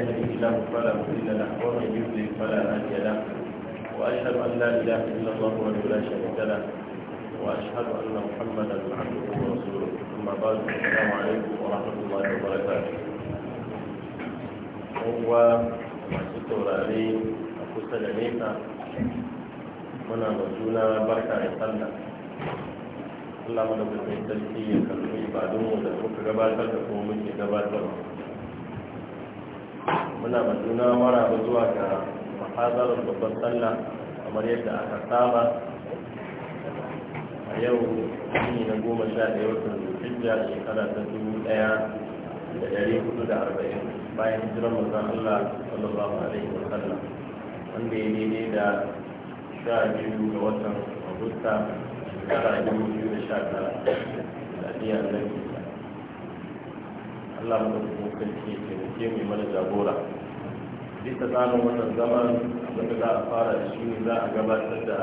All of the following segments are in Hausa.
يهدي الله فلا مضل له ومن يضلل فلا هادي له واشهد ان لا اله الا الله وحده لا شريك له واشهد ان محمدا عبده ورسوله اما بعد السلام عليكم ورحمه الله وبركاته هو ستر علي اخو سلميتا منا مرجونا بركه الله الله مدبر في التركي يكلم عباده ويقول لك غبار فلتكون منك غبار فلتكون muna ba juna mara ba zuwa ga mahazarar babban sallah kamar yadda aka saba a yau ne na goma sha ɗaya watan hijja shekara ta dubu ɗaya da ɗari hudu da arba'in bayan hijirar manzon Allah sallallahu alaihi wa sallam wanda ya daidai da sha biyu ga watan agusta shekara dubu biyu da sha tara da biya annabi Allah mu kuma kai ya taimake mu mana jagora bisa tsarin wannan zaman abinda za a fara da shi za a gabatar da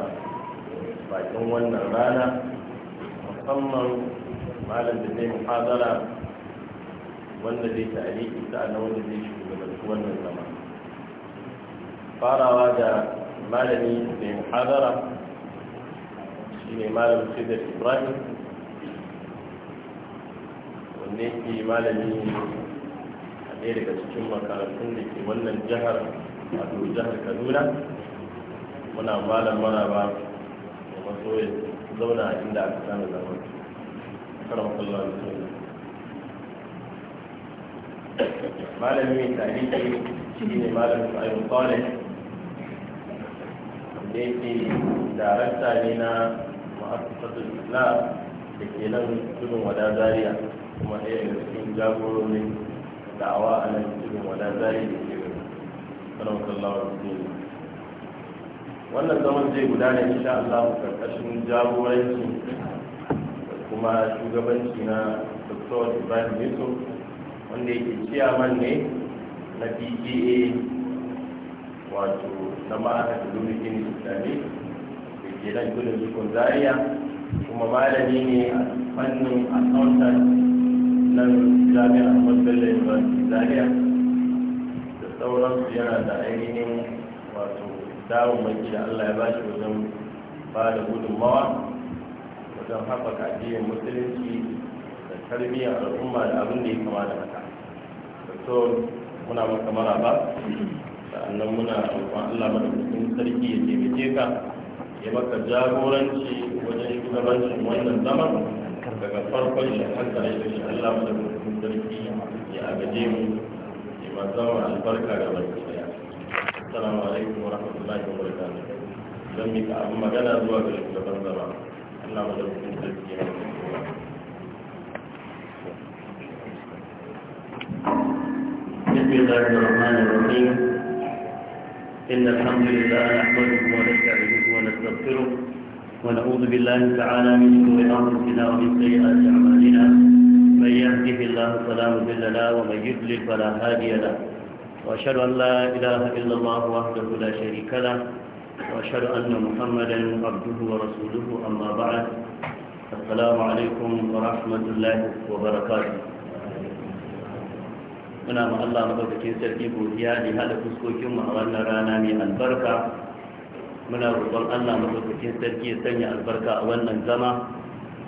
bakin wannan rana musamman malam da zai muhazara wanda zai ta aliki sa'anan wanda zai shugabanci wannan zama farawa da malami mai muhazara shi ne malam sidar ibrahim wanne ke malami ɗaya daga cikin makarantun da ke wannan jihar wato jihar kaduna muna malam maraba da maso ya zauna a inda aka samu zama karamakallah da suna malamin tarihi shi ne malamin ayyukan kwanin da yake darakta ne na ma'aikatar islam da ke nan tudun wada zariya kuma ɗaya daga cikin jagororin da'awa a nan cikin wada zai da ke wani sanar sallawa da wannan zaman zai gudana insha Allah karkashin jagoranci da kuma shugabanci na Dr. Ibrahim Yusuf wanda yake ciyaman ne na PGA wato na da domin gini islami da ke nan gudun jikon zaria kuma malami ne a fannin accountant nan jami'a wadda university zaria da sauransu yana da ainihin wato dawamaki da allah ya ba shi wajen ba da gudunmawa wajen haɓaka ajiyar musulunci da tarbiyyar al'umma da abin da ya kama da haka so muna maka maraba sa'annan muna roƙon allah madaukakin sarki ya taimake ka ya maka jagoranci wajen shugabancin wannan zaman daga farkon shi an da shi Allah mu da mutum sarki ya agaje mu ya ba za mu albarka da baki daya assalamu alaikum wa rahmatullahi wa barakatuh zan mika abin magana zuwa ga shugaban zama Allah mu da mutum sarki ya بسم الله الرحمن الرحيم إن الحمد لله نحمده ونستعينه ونستغفره ونعوذ بالله تعالى من شرور أنفسنا ومن سيئات أعمالنا من يهده الله فلا مضل له ومن يضلل فلا هادي له وأشهد أن لا إله إلا الله وحده لا شريك له وأشهد أن محمدا عبده ورسوله أما بعد السلام عليكم ورحمة الله وبركاته muna ma Allah madaukakin sarki godiya da hada fuskokin mu a wannan rana mai albarka muna roƙon Allah madaukakin sarki ya sanya albarka a wannan zama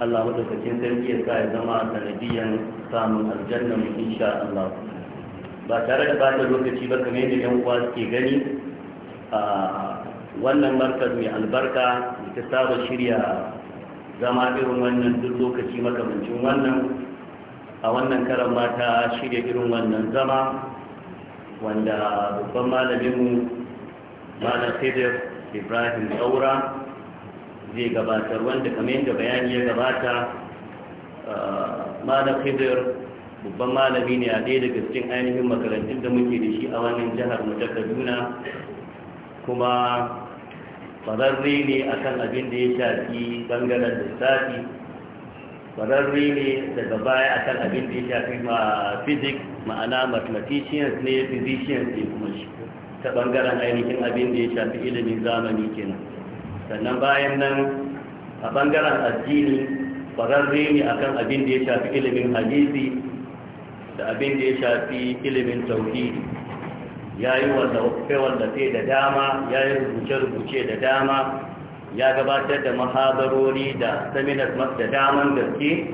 Allah madaukakin sarki ya sa ya zama sanadiyan samun aljanna mu insha Allah ba tare da bata lokaci ba kamar yadda yan uwa suke gani a wannan markaz mai albarka da ta saba shirya zama irin wannan duk lokaci makamancin wannan a wannan karan mata shirya irin wannan zama wanda babban malaminmu malam Khidir ibrahim daura zai gabatar wanda kamar yadda bayani ya gabata uh, malam khidir babban malami ne a ɗaya daga cikin ainihin makarantun da muke da shi a wannan jihar mu ta kaduna kuma kwararre ne a kan abin da ya shafi bangaren lissafi kwararre ne daga baya a kan abin da ya shafi ma physics ma'ana mathematicians ne physicians ne kuma shi ta bangaren ainihin abin da ya shafi ilimin zamani kenan sannan bayan nan a bangaren addini kwararre ne akan abin da ya shafi ilimin hadisi da abin da ya shafi ilimin tauhidi ya yi wallafe da dama ya yi rubuce-rubuce da dama ya gabatar da mahabarori da seminars da daman gaske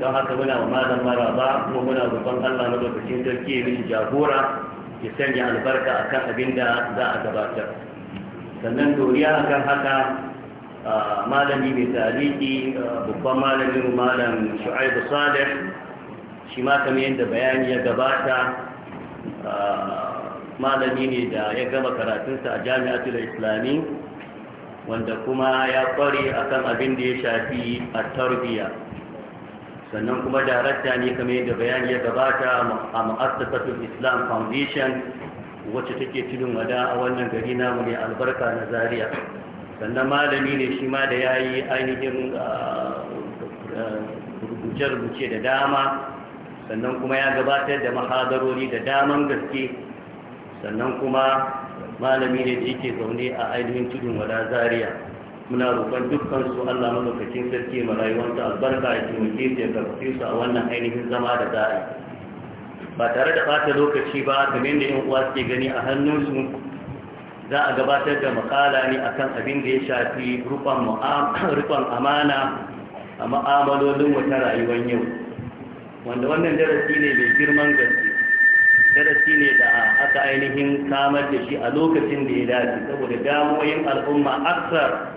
don haka muna wa malam maraba kuma muna rufon allah na lokacin sarki ya jagora ya sanya albarka a kan abin da za a gabatar sannan doriya a kan haka malami mai tariki babban mu malam shu'aibu salih shi ma kamar yadda bayani ya gabata malami ne da ya gama karatunsa a jami'atul islami wanda kuma ya kware akan abin da ya shafi a tarbiyya sannan kuma darakta ne kamar yadda bayani ya gabata a ma'asasatul islam foundation wacce take tudun wada a wannan gari namu ne albarka na zaria sannan malami ne shi ma da ya yi ainihin ah, rubuce-rubuce da dama sannan kuma ya gabatar da mahadarori da daman gaske sannan kuma malami ne da yake zaune a ainihin cikin wada zaria muna roƙon dukkan su Allah madaukakin sarki ma rayuwarsa albarka ya taimake su ya karfi su a wannan ainihin zama da za a ba tare da bata lokaci ba kamar da yan uwa suke gani a hannunsu za a gabatar da makala ne akan abin da ya shafi rufan amana a ma'amalolin wata rayuwar yau wanda wannan darasi ne mai girman gaske darasi ne da aka ainihin samar da shi a lokacin da ya dace saboda damoyin al'umma aksar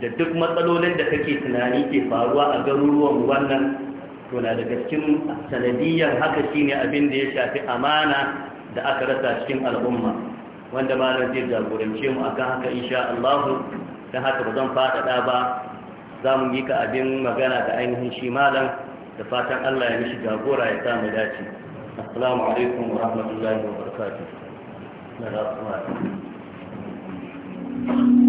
da duk matsalolin da kake tunani ke faruwa a garuruwan wannan to na daga cikin sanadiyar haka shine abin da ya shafi amana da aka rasa cikin al'umma wanda malam zai jagorance mu akan haka insha Allah dan haka ba zan faɗaɗa ba za mu yi ka abin magana da ainihin shi malam da fatan Allah ya mishi jagora ya sa mu dace assalamu alaikum wa rahmatullahi wa barakatuh na you.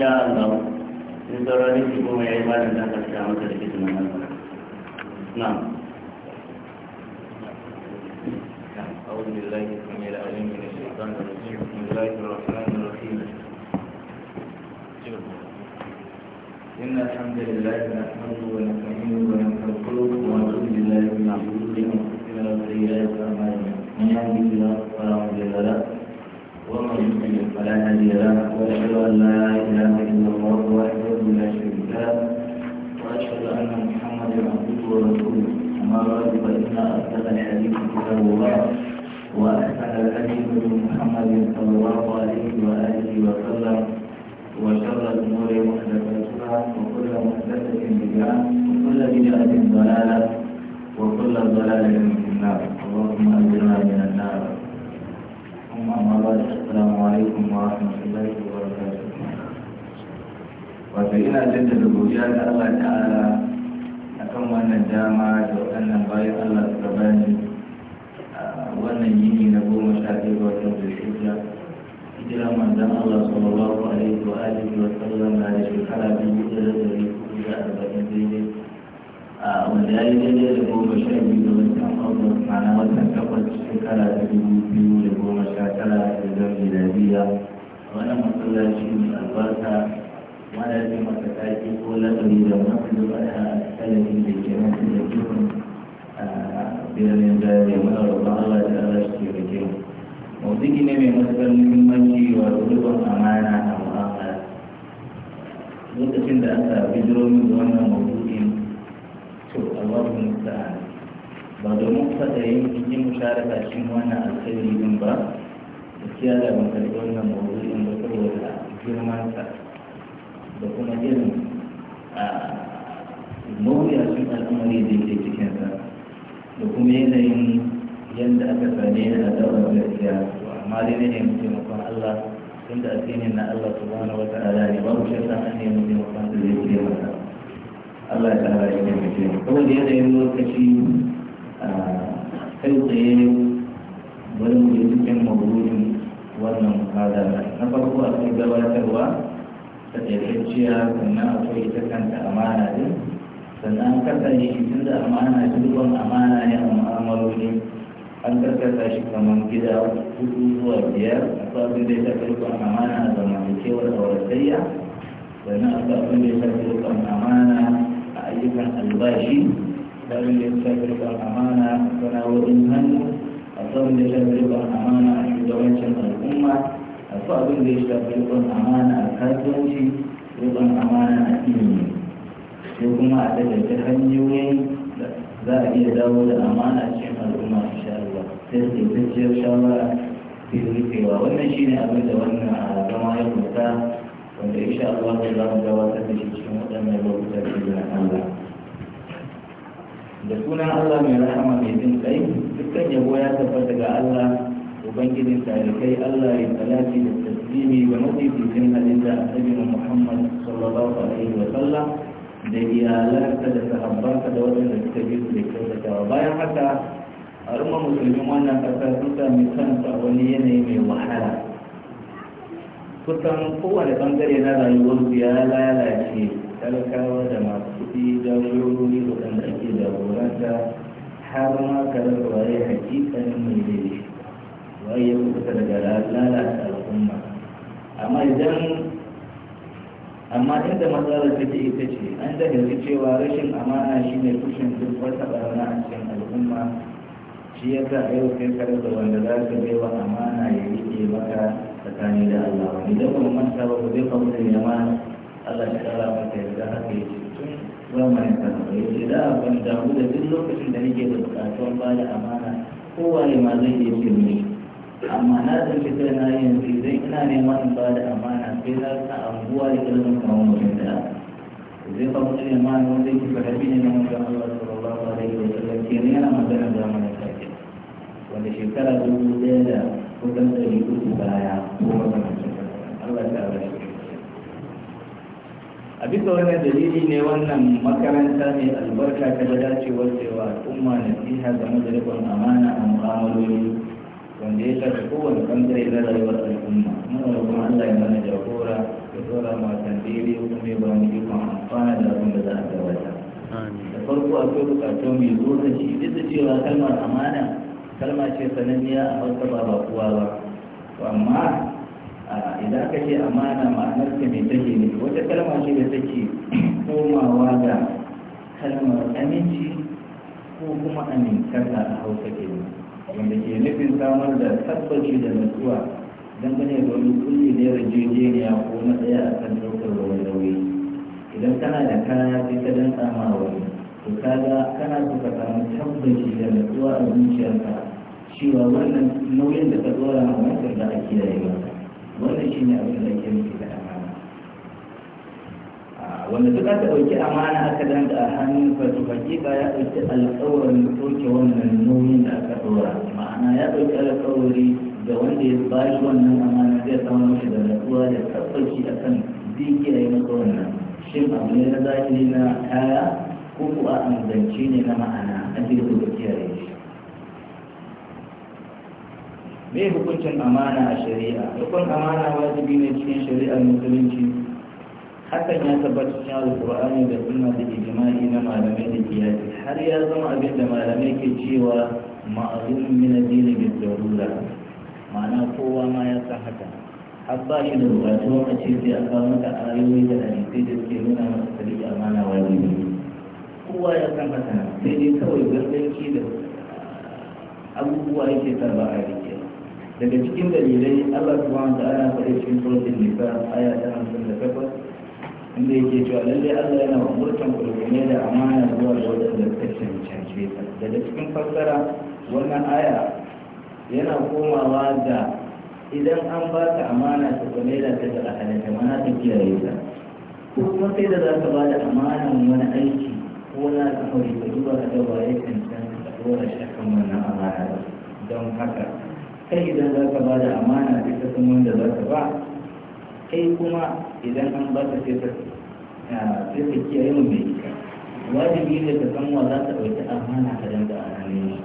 insha Allah in saurari shi ya yi ba da dakar da manzon Allah sallallahu alaihi wa alihi wa sallam na da shekara biyu da dari hudu da arba'in daidai a wanda ya yi daidai da goma sha biyu da watan August ma'ana watan takwas shekara ta dubu biyu da goma sha tara da zan miladiya wannan masallaci mai albarka wanda ya masa taki ko lakabi da masu da a da ke nan da jirgin birnin zariya ma'aurata Allah da Allah shi ke motsi ne mai matuƙar muhimmanci wa rubutun amana a mu'amala lokacin da aka bijiro min da wannan maudu'in to Allahu musta'an ba domin fata yin yin musharaka cikin wannan alkhairi din ba gaskiya da ban karɓi wannan maudu'in ba saboda sa. da kuma irin a mawuyacin al'amari da yake cikinsa da kuma yanayin yadda aka sane yana a daular gaskiya amma dai na nemi taimakon Allah tunda addinin na Allah subhanahu wa ta'ala ne babu shakka an nemi taimakon da zai taimaka Allah ta hara shi taimake mu saboda yanayin lokaci kai tsaye bari mu yi cikin maburin wannan muhadara na farko a akwai gabatarwa ta taifanciya sannan akwai ita kanta amana din sannan kasance tun da amana dubban amana ne a mu'amaloli an karkata shi kamar gida hudu zuwa biyar akwai abin da ya shafi rikon amana da mamakewar auratayya sannan akwai abin da ya shafi rikon amana a ayyukan albashi akwai abin da ya shafi rikon amana a sana'o'in hannu akwai abin da ya shafi rikon amana a shugabancin al'umma akwai abin da ya shafi rikon amana a kasuwanci rikon amana a ilimi sai kuma a daga hanyoyin za a iya dawo da amana cikin al'umma insha tattaitacciyar shawara sai rufewa wannan shi ne abin da wannan zama ya kusa wanda insha Allah da za mu gabatar da shi cikin waɗannan lokutan da Allah da sunan Allah mai rahama mai jin kai dukkan yabo ya tabbata ga Allah ubangijin talikai Allah ya salati da taslimi ga mafificin halitta annabi Muhammad sallallahu alaihi wa sallam da iyalanka da sahabbanka da waɗanda suka bi su da kyautatawa bayan haka ma musulmin wannan ƙasa sun sami kansa wani yanayi mai wahala kusan kowane bangare na rayuwar su ya lalace talakawa da masu kuɗi da shirori waɗanda ake jagoranta har ma ka rasa waye hakikanin mai daidai waye ya kusa daga lalata al'umma amma idan amma inda matsalar take ita ce an da cewa rashin amana shine tushen duk wata barna a cikin al'umma shi ya sa a yau sai kare da wanda za ka bai wa amana ya rike maka tsakani da Allah wani da kuma manta ba ku zai kawo da yamma Allah ya kara maka ya yarda haka ya ce tun zamanin karfa ya ce da abin damu da duk lokacin da nake da bukatuwan ba da amana kowane ma zai iya ce mai amma na ɗauki kai na yanzu zai ina neman in ba da amana sai za ka anguwa da kalmar kawo mutum da zai kawo da ma wanda yake bi ne na mutum Allah sallallahu alaihi wa sallam kenan yana magana da zamanin wanda shekara dubu ɗaya da kusan ɗari uku baya ko makamancin Allah ta rashi a bisa wannan dalili ne wannan makaranta ne albarka ta da dacewar cewa al'umma na game da rikon amana a mu'amaloli wanda ya shafi kowane bangare na rayuwar al'umma muna da kuma Allah ya mana jagora ya tsora ma tambiri kuma ya ba mu ikon amfana da abin da za a gabata da farko akwai bukatun mai zo da shi duk da cewa kalmar amana kalma ce sananniya a hausa ba ba kuwa ba to amma idan aka ce amana ma'anar ta mai take ne wata kalma ce da take komawa da kalmar aminci ko kuma amintarta a hausa ke wanda ke nufin samar da tabbaci da natsuwa dangane da wani kulli ne jejeniya ko matsaya a kan daukar wani nauyi idan kana da kaya sai ka dan sama wani to kaga kana so ka samu tabbaci da natsuwa a zuciyarka cewa wannan nauyin da ka tsora a wannan da ake yawa wannan shi ne abin da ke nufi da amana ah, wanda duk aka ɗauki amana aka danga a hannun fasu to hakika ya ɗauki alƙawarin ɗauke wannan nauyin da aka tsora ma'ana ya ɗauki alƙawari da wanda ya bashi wannan amana zai samu mashi da natsuwa da tabbaci akan zai kiyaye masa wannan shin abu ne na zahiri na kaya ko kuwa an ne na ma'ana an ji da kiyaye shi me hukuncin amana a shari'a hukun amana wajibi ne cikin shari'ar musulunci hakan ya tabbata cikin alkur'ani da sunna da ijma'i na malamai da kiyaye har ya zama abin da malamai ke cewa ma'azin min addini bi darura ma'ana kowa ma ya san haka har ba shi da bukatu a ce sai a kawo maka ayoyi da hadisai da suke nuna masa shari'a amana wajibi kowa ya san haka sai dai kawai gargaci da abubuwa yake tarba a rike daga cikin dalilai Allah subhanahu wa ta'ala ya faɗi cikin suratul nisa aya ta da 58 inda yake cewa lallai Allah yana umurtan ku da da amana zuwa ga wadanda suka cancance ta daga cikin fassara wannan aya yana komawa da idan an ba ka amana ta kome da ta ga halatta mana ta kiyaye ta ko kuma sai da za ka ba da amanan wani aiki ko na al'amari da duba na gaba ya cancanta ka dora shi akan wannan amana don haka kai idan za ka ba da amana sai ka san wanda za ka ba kai kuma idan an ba ka sai ka sai ka kiyaye mu mai ita wajibi ne ka san wa za ka ɗauki amana ka danga a hannun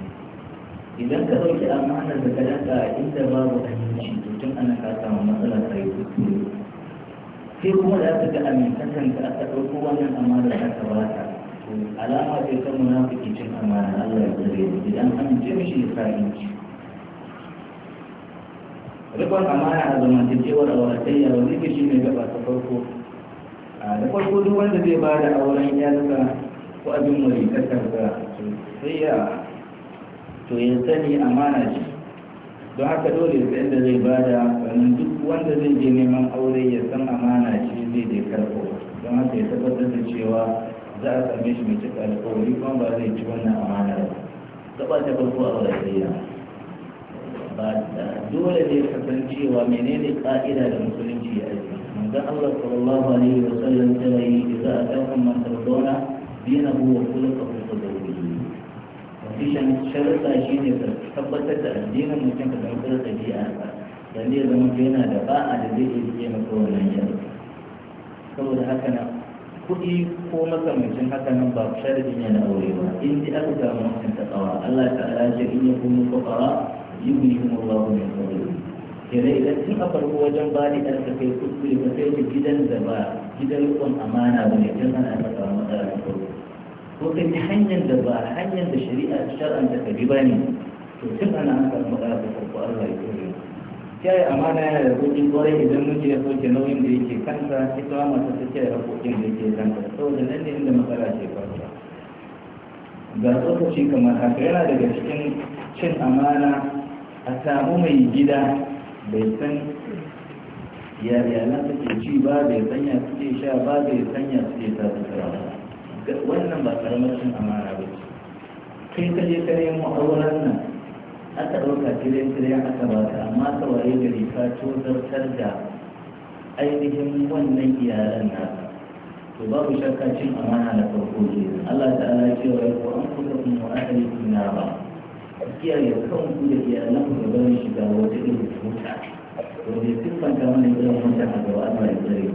idan ka ɗauki amana da ka danga a inda babu aminci to tun ana ka samu matsala ta yi sai kuma da aka ga amintakan ka aka ɗauko wannan amana da aka ba ta alama ce ta munafiki cin amana Allah ya tsare mu idan an ce mishi ya sai ci rikon amana a zamantakewar auratayya wani ke shi ne gaba ta farko da farko duk wanda zai ba da auren yarsa ko abin mai kasarsa sai ya to ya sani amana ce don haka dole sai da zai da sannan duk wanda zai je neman aure ya san amana ce zai je karɓo don haka ya tabbatar da cewa za a same shi mai cika alƙawari kuma ba zai ci wannan amana ba gaba ta farko a wadda ba dole ne cewa menene ka'ida da musulunci ya yi. manzan Allah sallallahu alaihi wa sallam ta yi a idza ataakum man tardawna ka wa da fadawwihi wannan sharuɗa ne ka tabbatar da addinin mutum ka zama da ɗabi'a dan ne zama yana da ba'a da zai iya maka wannan yaro saboda haka na kuɗi ko makamancin haka nan ba sharadin yana aure ba in ji aka samu mutum ta tsawa Allah ta ala ce in ya kuma kwakwara yuni kuma ba ku mai kwakwara kere idan tun a farko wajen ba ni ɗan kai kuskure ba sai da gidan da ba gidan rukun amana ba ne tun ana ta tsawa matsala ta farko ko ka yi hanyar da ba hanyar da shari'a shar'an ta kabi ba ne to tun ana an samu matsala ta farko Allah ya kore yi amana yana da sauƙi kwarai idan miji ya soke nauyin da yake kansa ita masu ta kiyaye haƙoƙin da yake kansa saboda nan ne inda matsala ce farko ga tsokaci kamar haka yana daga cikin cin amana a samu mai gida bai san yayana suke ci ba bai sanya suke sha ba bai sanya suke sa su ba wannan ba karamar cin amana ba ce kai ka je ka nemo auren nan aka ɗauka filin filin aka ba ta amma waye gari ka tozartar da ainihin wannan iyalan na to babu shakka cin amana da farko ne Allah ta'ala ce wa ko an kuka kuma ahli na ba kiyaye ku da iyalan ku da barin shiga wata irin mota wanda siffanta mana irin mota a gaba Allah ya tsare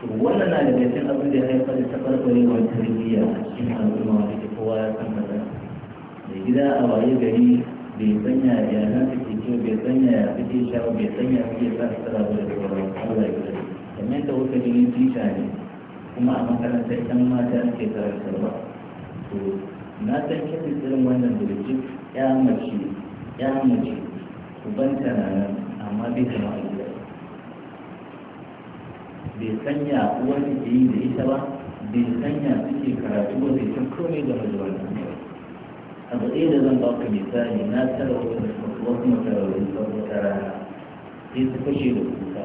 to wannan na daga cikin abin da ya haifar da tafarkwarewar tarbiyya a cikin al'umma wanda kowa ya san kasa. da gida a waye gari bai sanya ya na suke ciwo bai sanya ya suke sha bai sanya suke sa su da sauran Allah ya kare kamar da kuka gani tisha ne kuma a makarantar ɗan mata ake ba to na san kyanin irin wannan da duk ya mace ya mace ubanta na nan amma bai kama a gida bai sanya uwar da yi da ita ba bai sanya suke karatu ba bai san komai da majalwar abu da zan ba ku misali na tara wasu makararru saboda rana sai su da kuka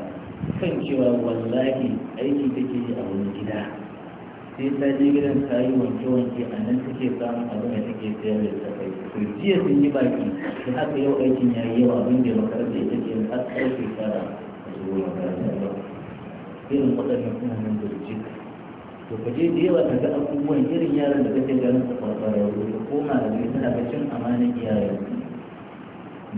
kan cewa wallahi aiki take yi a wani gida sai ta je gidan ta yi wanke-wanke a nan take samun abin da take sayar da kai. to jiya sun yi baki da haka yau aikin ya yi yawa abin da makaranta ita ke har ƙarfe tara a zuwa makaranta ba irin waɗannan suna nan da jika to ka je da yawa ta ga abubuwan irin yaran da kake ganin su kwakwara ko koma da mai tana cin amanin iyaye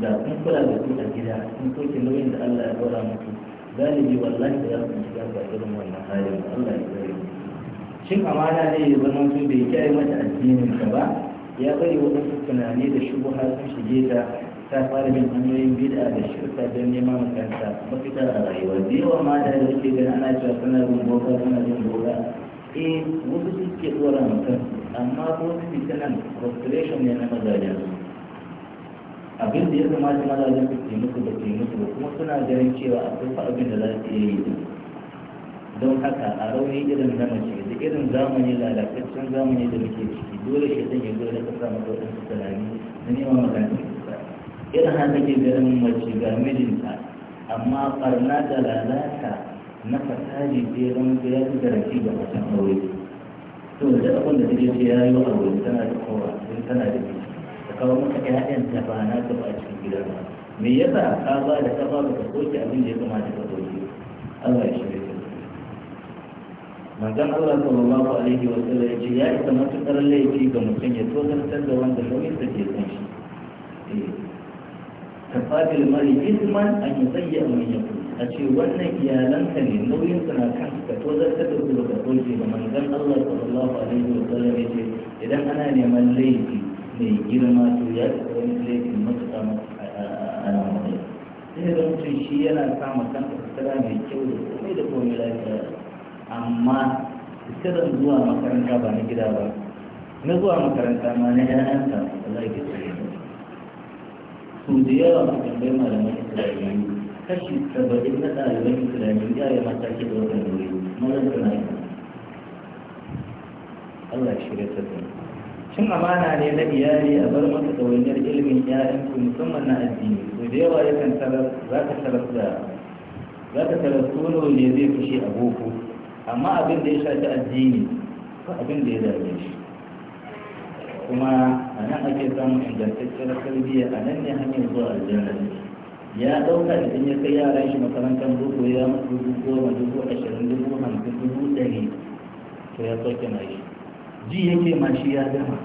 da kun kula da su a gida kun soke nauyin da Allah ya dora muku galibi wallahi da za ku shiga ga irin wannan halin Allah ya tsare shin amana ne ya zama su bai kiyaye mata addinin ka ba ya bari waɗansu tunani da har sun shige ta ta fara bin hanyoyin bid'a da shirka don nema makanta mafitar mafita a rayuwa da yawa mata da suke ganin ana cewa suna rumbo boka suna jin boka eh wasu suke tsora mutum amma ko su fi nan frustration ne na mazajen abin da ya zama da mazajen su ke musu ba ke kuma suna ganin cewa a fa abin da za su iya yi don haka a rauni irin na mace da irin zamani lalataccen zamani da muke ciki dole shi zan yi dole ka samu waɗansu tunani na neman magana irin haka ke ganin mace ga mijinta amma ɓarna da lalata na fasali da ya zama ya fi garanti ga macen aure to da abin da take ce ya yi aure tana da kowa don tana da miji ta kawo maka ƴaƴan da ba na ta ba a cikin gidan ba me yasa ka ba da kafa ba ka soke abin da ya kamata ka soke Allah ya shirya ta manzon Allah sallallahu alaihi wa sallam ya ce ya isa matukar laifi ga mutum ya tozartar da wanda nauyinsa ke san shi kafafil mari isman an yi tsaye a manyan kuma a ce wannan iyalanka ne nauyin na kan ka to ta ka da kuma ka doke da manzan Allah sallallahu alaihi wa sallam yace idan ana neman laifi mai girma to ya ka wani laifin matuƙa ana mai sai da mutum shi yana samun kanka sutura mai kyau da komai da komai lafiya amma sirrin zuwa makaranta ba na gida ba na zuwa makaranta ma na ƴaƴanka ba za ki tsaye su da yawa a tambayi malaman Isra'ila kashi saba'in na ɗaliban islamiyya ya mata ke da wannan wuri mazan suna yi Allah ya shirya sassan cin amana ne na iyali a bar masa ɗawainiyar ilimin ƴaƴan ku musamman na addini to da yawa yakan tarar za ka tarar da za ka tarar tono ne zai fushi a boko amma abin da ya shafi addini ba abin da ya dame shi kuma a nan ake samun ingantacciyar tarbiyya a nan ne hanyar zuwa aljanna ne ya ɗauka idan ya kai yara shi makarantar boko ya masu dubu goma dubu ashirin dubu hamsin dubu ɗari to ya sauke na shi ji yake ma shi ya gama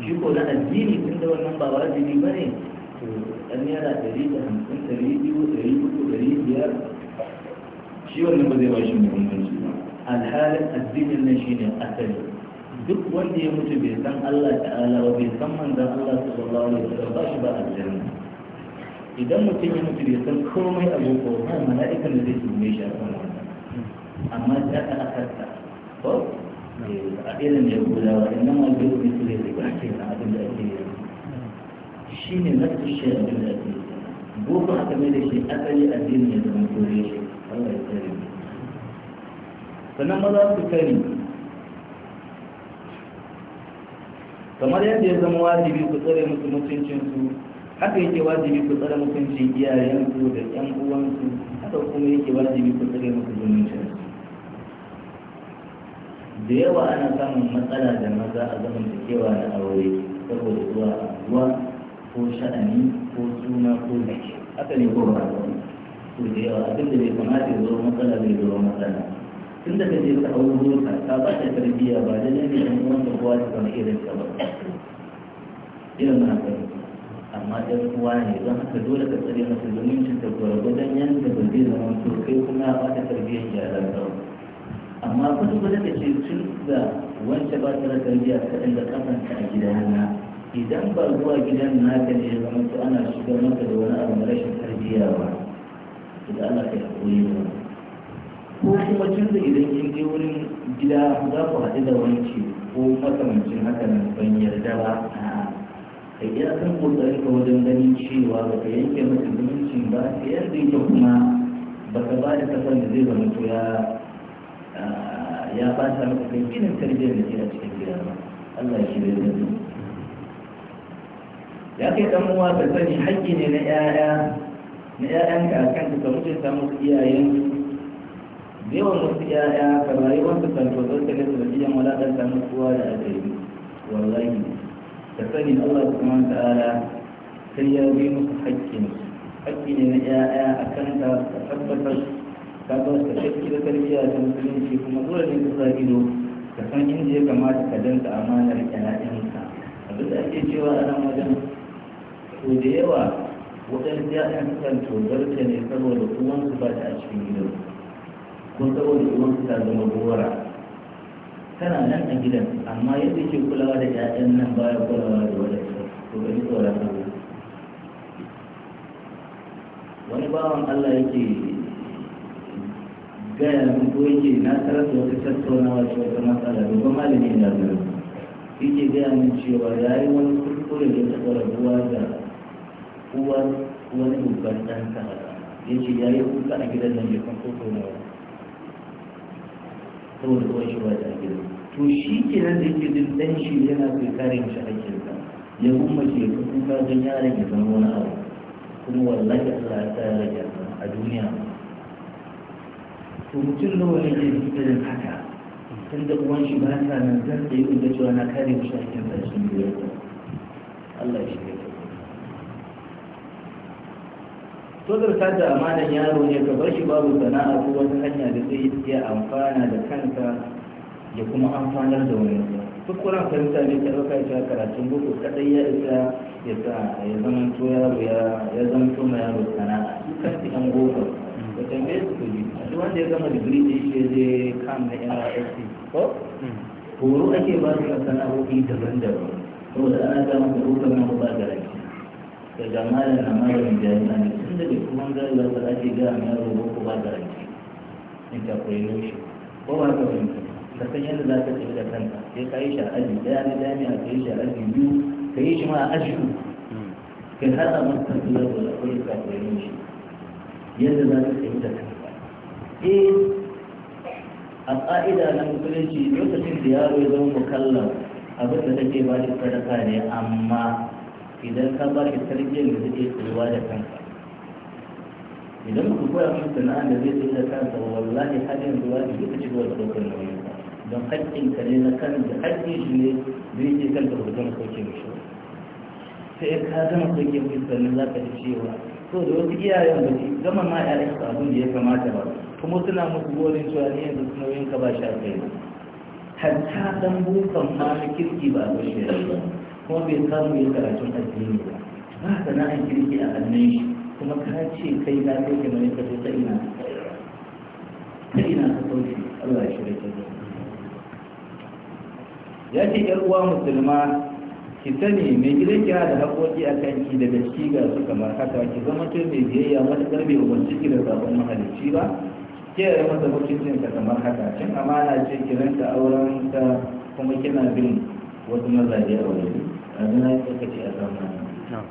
shi ko na addini tun da wannan ba wajibi ba ne to ɗan yara ɗari da hamsin ɗari biyu ɗari uku ɗari biyar shi wannan ba zai ba shi muhimmanci ba alhalin addinin nan shi ne asali duk wanda ya mutu bai san Allah ta'ala ba bai san manzan Allah sallallahu alaihi wasallam ba shi ba aljanna idan mutum ya mutu bai san komai a boko ba mala'ikan da zai tume shi a kan wannan amma ta ka akarta ko eh, a irin da guda wa inna ma zai rubi su da zai ba ke na abin da ake yi shi ne na su shi abin da ake yi boko aka mai da shi asali addini ya zama kore shi Allah ya tsare mu sannan maza su kari kamar yadda ya zama wajibi ku tsare musu mutuncinsu haka yake wajibi ku tsare mutuncin iyayenku da ƴan uwanku haka kuma yake wajibi ku tsare muku zumuncin da yawa ana samun matsala da maza a zaman kewa na aure saboda zuwa abuwa ko sha'ani ko suna ko zaki haka ne ko ba to da yawa abin da bai kamata ya zo matsala bai zo matsala tun da kaje ka hau ka ka ba ta tarbiyya ba da ne ne wanda kowa ta kama irin ka ba irin na kai amma ɗan uwa ne don haka dole ka tsare masa zumuncin ta gudan yanda ba zai zama to kai kuma ba ta tarbiyyar yaran ka amma kudu kudu da ke tun da wancan ba ta tarbiyya ka ɗanda kafan ta a gidana idan ba zuwa gidan naka ne ya zama to ana shigar maka da wani abu na rashin tarbiyya ba to da Allah ka koyi ba ko kuma tun da idan kin je wurin gida za ku haɗu da wani ko makamancin haka ban yarda ba ka yi akan ka wajen ganin cewa ba ka yanke mata mutunci ba ta yadda ita kuma ba ka ba da kasar da zai zama to ya ya ba ta maka kai ginin tarbiyyar da ke a cikin gida ba Allah ya shirya da su ya kai dan uwa ka sani haƙƙi ne na ƴaƴa na ƴaƴanka kan ka ta musu iyayen da yawan wasu ƴaƴa ka rayuwarsu kan da na tarbiyyar wadatar ta mutuwa da adadi wallahi da sanin Allah kuma ta'ala sai ya bi musu haƙƙin haƙƙi ne na ƴaƴa a kan ka tabbatar ta ba ka shakki da tarbiyya ta musulunci kuma dole ne ka sa ido ka san inda ya kamata ka danta amanar ƴaƴanka abin da ake cewa a nan wajen to da yawa wajen ƴaƴan kan ta ne saboda uwansu ba ta a cikin gidan ko saboda uwansu ta zama gora tana nan a gidan amma yadda ke kulawa da 'ya'yan nan baya kulawa da wani to ga ji tsoron Allah wani bawan Allah yake gaya min ko yake na tarar da wata tattaunawa da wata matsala da kuma malami na zuwa yake gaya min cewa ya yi wani kurkure da ta rabuwa da uwar wani babban ɗansa ya ce ya yi kuka a gidan nan ya kan koko saboda uwar shi ba ta girma to shi ke nan da yake jin dan shi yana kai kare mishi hakkinsa ya kuma ce ka kuka don yaron ya zama wani abu kuma wallahi Allah ya sa yaron ya zama a duniya to mutum nawa ne ke da haka tun da uwan shi ba ta nan zan tsaye da cewa na kare mishi hakkinsa shi ne Allah ya shirya tozarta da amanan yaro ne ka bar shi babu sana'a ko wata hanya da zai iya amfana da kanka ya kuma amfanar da wani duk kuna fahimta ne ka ɗauka ya karatun boko kadai ya isa ya sa ya zama to yaro ya zama to ma yaro sana'a duk kan an boko ka tambaye su ku ji a duk wanda ya gama digiri ne shi je kan na nysc ko hmm. horo ake ba su sana'o'i daban-daban saboda ana samun da hukar na ba da rai daga malam na malam jami'a ne tun da duk kuma galiba ta ake gaya mai yaro ko ba garanti entrepreneurship ko ba ka fahimta ka san yadda za ka tafi da kanka sai ka yi shi a aji ɗaya na jami'a ka yi shi a aji biyu ka yi shi ma a aji ku kai har a zai kan kula da akwai entrepreneurship yadda za ka tafi da kanka eh a ƙa'ida na musulunci lokacin da yaro ya zama mukallaf abin da take ba shi sadaka ne amma idan ka ba shi tarbiyyar da zai tsayuwa da kanka idan ku koya mishi sana'a da zai tsaye da kansa wallahi har yanzu ba ka ci gaba da ɗaukar nauyi don haƙƙin ka ne na kan da haƙƙin shi ne zai ce kan da gama sauke shi sai ka gama sauƙin mishi sannan za ka ji cewa to da wasu iyayen ba su gama ma ya su abin da ya kamata ba kuma suna musu gorin cewa ni yanzu su nauyin ka ba shi a kai hatta ɗan bukan ma na kirki ba a zo shi ba ko bai samu ya karatun addini ba ba an kirki a hannun shi kuma ka ce kai na kai ke mai kaso ta ina ta ina ka sauke Allah ya shirya ta ya ce ‘yar uwa musulma ki sani mai gidan kira da haƙoƙi a kanki daga ciki ga su kamar haka ki zama ce mai biyayya matuƙar bai umarci ki da sabon mahalicci ba ke yi masa hukuncin ka kamar haka cin amana ce ki ranta auren kuma kina bin wasu mazaje a wajen a zuna yi tsakaci a zamani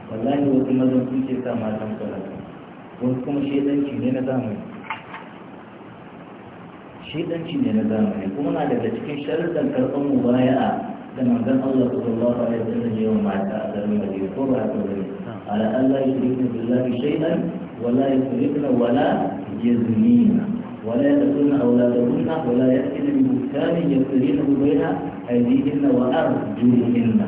wallahi wasu mazan sun ce sa matan kwalata wasu kuma shaidanci ne na zamani shaidanci ne na zamani kuma na daga cikin sharuɗan karɓar mu mubaya'a da manzon Allah sallallahu alaihi wasallam ya mata a garin Madina ko ba ta bane ala Allah yuridu billahi shay'an wala ya yusrifna wala Wala wala ya ya yaznina ولا يقتلن أولادهن ولا يأتين ببهتان يفترينه بين أيديهن وأرجلهن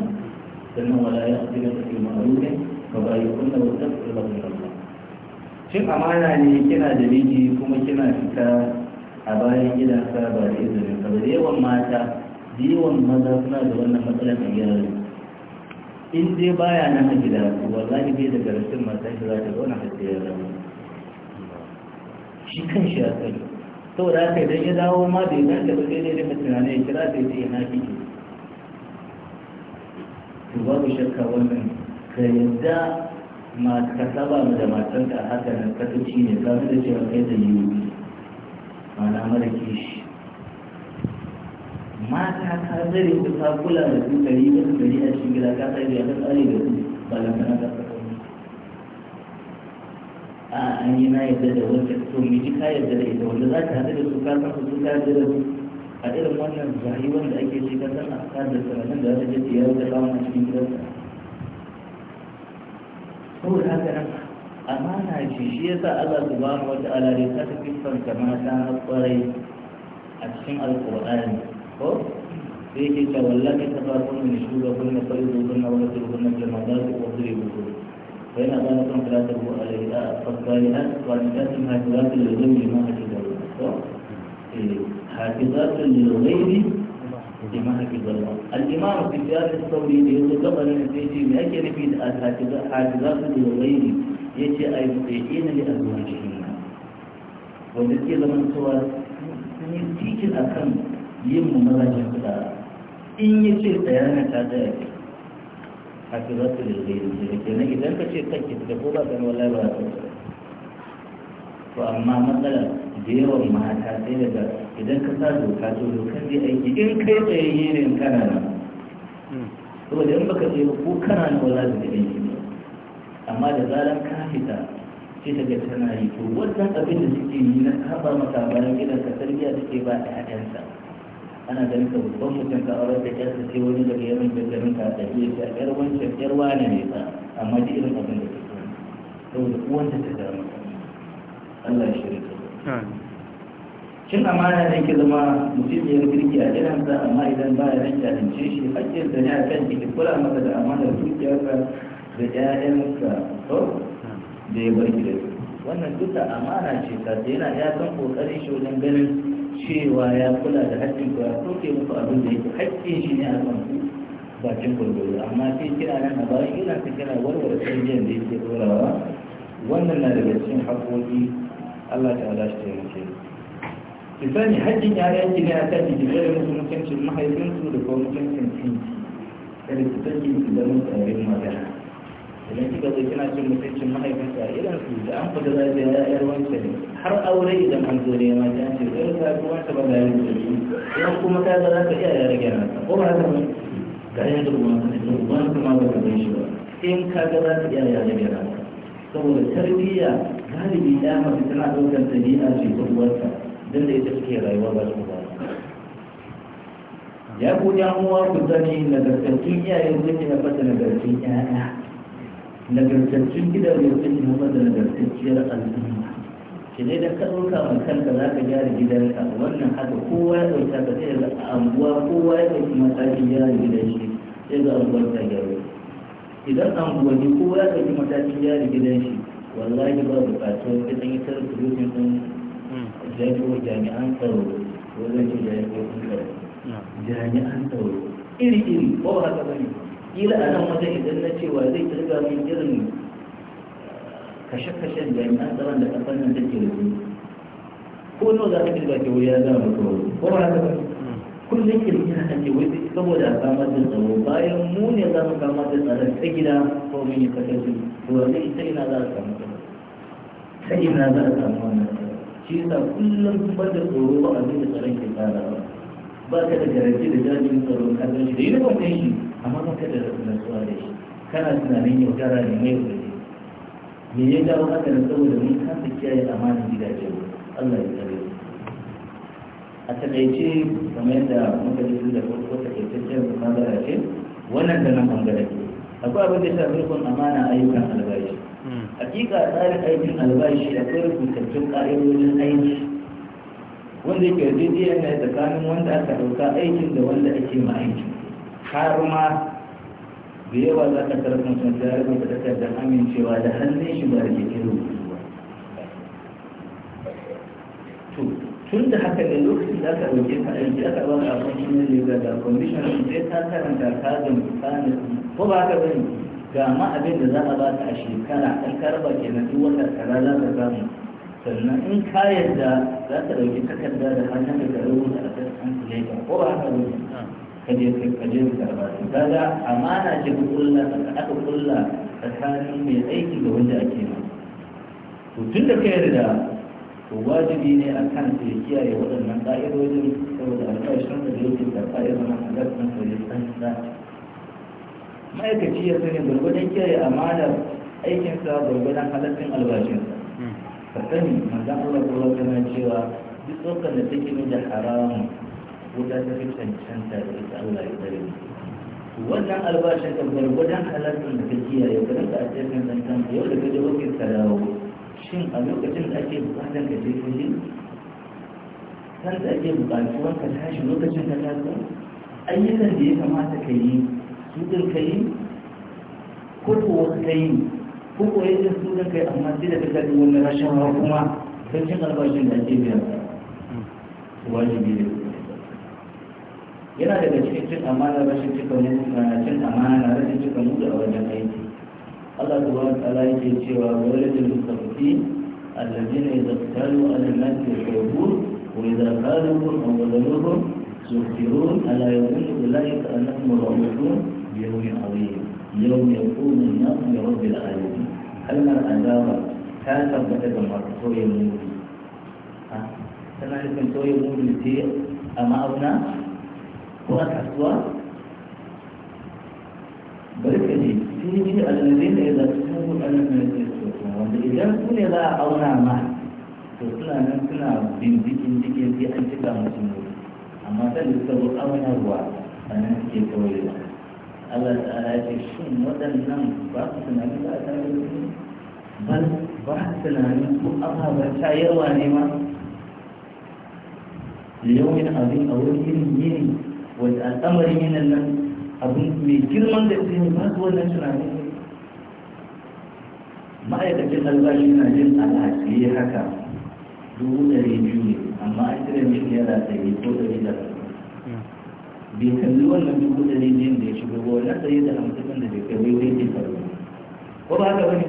sannan wala ya fi da fi ma'arufi ka bayi kunna wa tafi da fi Allah amana ne kina da riki kuma kina fita a bayan gidansa ba da izinin ka da yawan mata da yawan maza suna da wannan matsalar a gyara in dai baya nan a gida wallahi bai da garasin mata shi za ta zauna a tsaye da shi kan shi a tsaye saboda yi don ya dawo ma da yi dace ba sai dai da tunani ya kira sai sai ya nafi to babu shakka wannan ka yadda ka saba mu da matan ka haka nan katoci ne ka da cewa kai da yiwu mana mara kishi mata ka zare ku ta kula da su kari da su gari a cikin gida ka sai da tsari da su ba da kana ne a an yi na yadda da wanda to miji ka yadda da ita wanda za ka hada da su ka san su ka yadda da su a irin wannan rayuwar wanda ake shiga kan a kan da sanannen da zai jefi ya wuce samun a cikin gidansa saboda haka nan amana ce shi yasa Allah subhanahu wa ta'ala ya saka kiffan mata kwarai a cikin alqur'ani ko sai yake ta wallahi ta ba kun ne shuga kun ne sai ko kun na wala sai kun na jama'a ko sai ku ko sai na zama kan fara da ku alai da fasalihat wa nidatun hajjat lil zulmi ma hajjat ko حافظات للغير لما حفظ الله الإمام في الصوري الثوري قبل أن يتيجي بأكي نفيد حافظات للغير يجي أي مطيعين لأزواجهن ونسي لمن سوى يتيجي الأكم يم مراجع كذا إن يجي القيامة هذا حافظات للغير إذا كان إذا كنت تكتب تقول أن والله لا to amma matsalar da yawan mata sai daga idan ka sa doka to dokar zai aiki in kai tsayayye ne kana na nan da in baka tsaye ko kana na wala da aiki amma da zarar ka fita sai ta ga tana yi to wannan abin da suke yi na saba maka bayan gidan ka tarbiyya suke ba a ƴaƴansa ana ganin ka babban mutum ka aure da ƴarsa sai wani daga yawan gaggarin ka da iya ta ƴar wancan ƴar wane ne ba amma da irin abin da suke saboda uwanta ta dama Allah shi rike cin amana ne ke zama mutum ya girki a gidansa amma idan ba ya nan jalance shi hakkin sa ne a kan ki kula masa da amana dukiyarsa da ƴaƴansa to da ya bar gida wannan duka amana ce ta yana ya san kokarin shi wajen ganin cewa ya kula da hakkin ku ya soke muku abin da yake hakkin shi ne a kan ku bakin gwargwaro amma sai kira nan a bayan ina ta kira warware canjin da yake dorawa wannan na daga cikin haƙoƙi Allah ta za shi taimake ki sani haƙƙin ƴaƴan ki ne a kan ki da musu mutuncin mahaifinsu da kuma mutuncin kanki kada ki saki ki zama tsarin magana idan kika zo kina cin mutuncin a irin su da an fita za ta yi wancan ne har aure idan an zo ne ma ta ce ɗan ta fi wanta ba da yin zuri idan kuma ka ga za ka iya ya rage nasa ko ba ta ba ga yadda kuma ta ne ba kuma ba ka zai shi ba in ka ga za iya ya rage nasa saboda tarbiyya galibi ya mafi tana ɗaukar ɗabi'a ce ta uwarta don da ita suke rayuwa ba su ba ya ku damuwa ku sani nagartattun iyaye suke na fata nagartattun ƴaƴa nagartattun gidaje suke na fata nagartacciyar al'umma shi ne da ka ɗauka ma kanka za ka gyara gidanka wannan haka kowa ya ɗauka ka sai ga anguwa kowa ya ɗauki matakin gyara gidan shi sai ga anguwar ta gyara idan an gwani ko ya ɗauki matakin ya gidan shi wallahi ba bukatu ta ɗan ita rufin ɗin jami'o jami'an tsaro wajen ce jami'o tsaro jami'an tsaro iri iri ko haka ba ne kila a nan wajen idan na cewa zai kirga min irin eh, kashe-kashen jami'an tsaron da ƙasar nan take da su ko nawa za ka kirga ke wuya ya zama ko ba haka ba ne kullum kirkin a ne wai saboda samar da tsaro bayan mu ne za mu kama da tsaro ta gida ko mun yi kasance to wanda ita ina za a samu tsaro ta ina za a samu wannan shi yasa kullum bar da tsoro ba zai da tsaron ke tsara ba ba ka da garanti da jami'in tsaro ka zai shi da yi ban shi amma ka ka da nasuwa da shi kana tunanin yaudara ne mai wuri me ya jawo haka saboda mun kasa kiyaye amanin gidajen Allah ya tsare a takaice kamar yadda muka ji da farko takaitaccen bangare ce wannan da nan bangare ke akwai abin da ya shafi rukun amana ayyukan albashi hmm. hakika tsarin aikin albashi akwai rubutattun ƙa'idojin aiki wanda yake yarjejiyar ne tsakanin wanda aka ɗauka aikin da wanda ake ma aiki har ma da yawa za ka tarar da ta rubuta takardar amincewa da hannun shi ba da ke rubutu tun da haka da lokacin da aka ɗauke ka aiki aka ba ka abinci na lega da kwamishin sai ta karanta ka ga misali ko ba ka bane ga ma abin da za a ba ka a shekara an karba ke na duk wata kaza za ka samu sannan in ka yarda za ka ɗauki takarda da hannun da ka rubuta a kan lega ko ba ka haka ka je kaje karba to kaga amana ce ku kulla aka kulla tsakanin mai aiki da wanda ake ma to tun da ka yarda to wajibi ne a kan su ya kiyaye waɗannan ƙa'idojin saboda alƙashin da zai yi karɓa ya zama halar na kare tsansa ma'aikaci ya sani gwargwadon kiyaye amanar aikinsa gwargwadon halattun albashinsa ka sani manzan Allah ko na cewa duk tsokar da take min da haramun wuta ta fi cancanta da ita Allah ya tsare wannan albashin ka gwargwadon halattun da ka kiyaye ka rinka a cikin tantan yau da ka je wakil ka dawo shin a lokacin da ake bukatar ka je yi kan da ake bukatuwar ka tashi lokacin ka taso ayyukan da ya kamata ka yi su din ka yi Kuma ka yi ko kuwa yadda su din ka yi amma sai da ka yi wani rashawa kuma don cin albashin da ake biyar wajibi ne yana daga cikin cin amana rashin cika mu cin amana rashin cika mutu a wajen aiki Allah subhanahu wa ta'ala yake cewa wa da الصديقين الذين إذا ابتالوا على الناس يحبون وإذا قالوهم أو ظلوهم سكرون ألا يظن أولئك أنهم رابطون بيوم عظيم يوم يقوم الناس لرب العالمين أن الأدارة كانت بدأت مرة سوية موتي سنعرف من سوية موتي لتير أمامنا هو الحسوى بل كذلك فيه الذين إذا تسموا أنهم wanda idan su ne za a auna ma to suna nan suna bindikin cikin sai an cika musu ne amma sai da suka ruwa a nan suke kawai ba Allah ta ala ce shin waɗannan ba su tunani ba a tare da su bal ba su tunani ko ababen shayarwa ne ma liyomin abin a wurin yin yini wata al'amarin yanan nan abin mai girman da su ne ba su wannan tunanin ma'aikacin albashi na jin alhaji haka dubu dari biyu ne amma a cire ya naira ɗari ko ɗari da bai kalli wannan dubu dari biyun da ya shigo ba wannan ɗari da hamsin da bai kai wai zai ke faru ko ba haka bane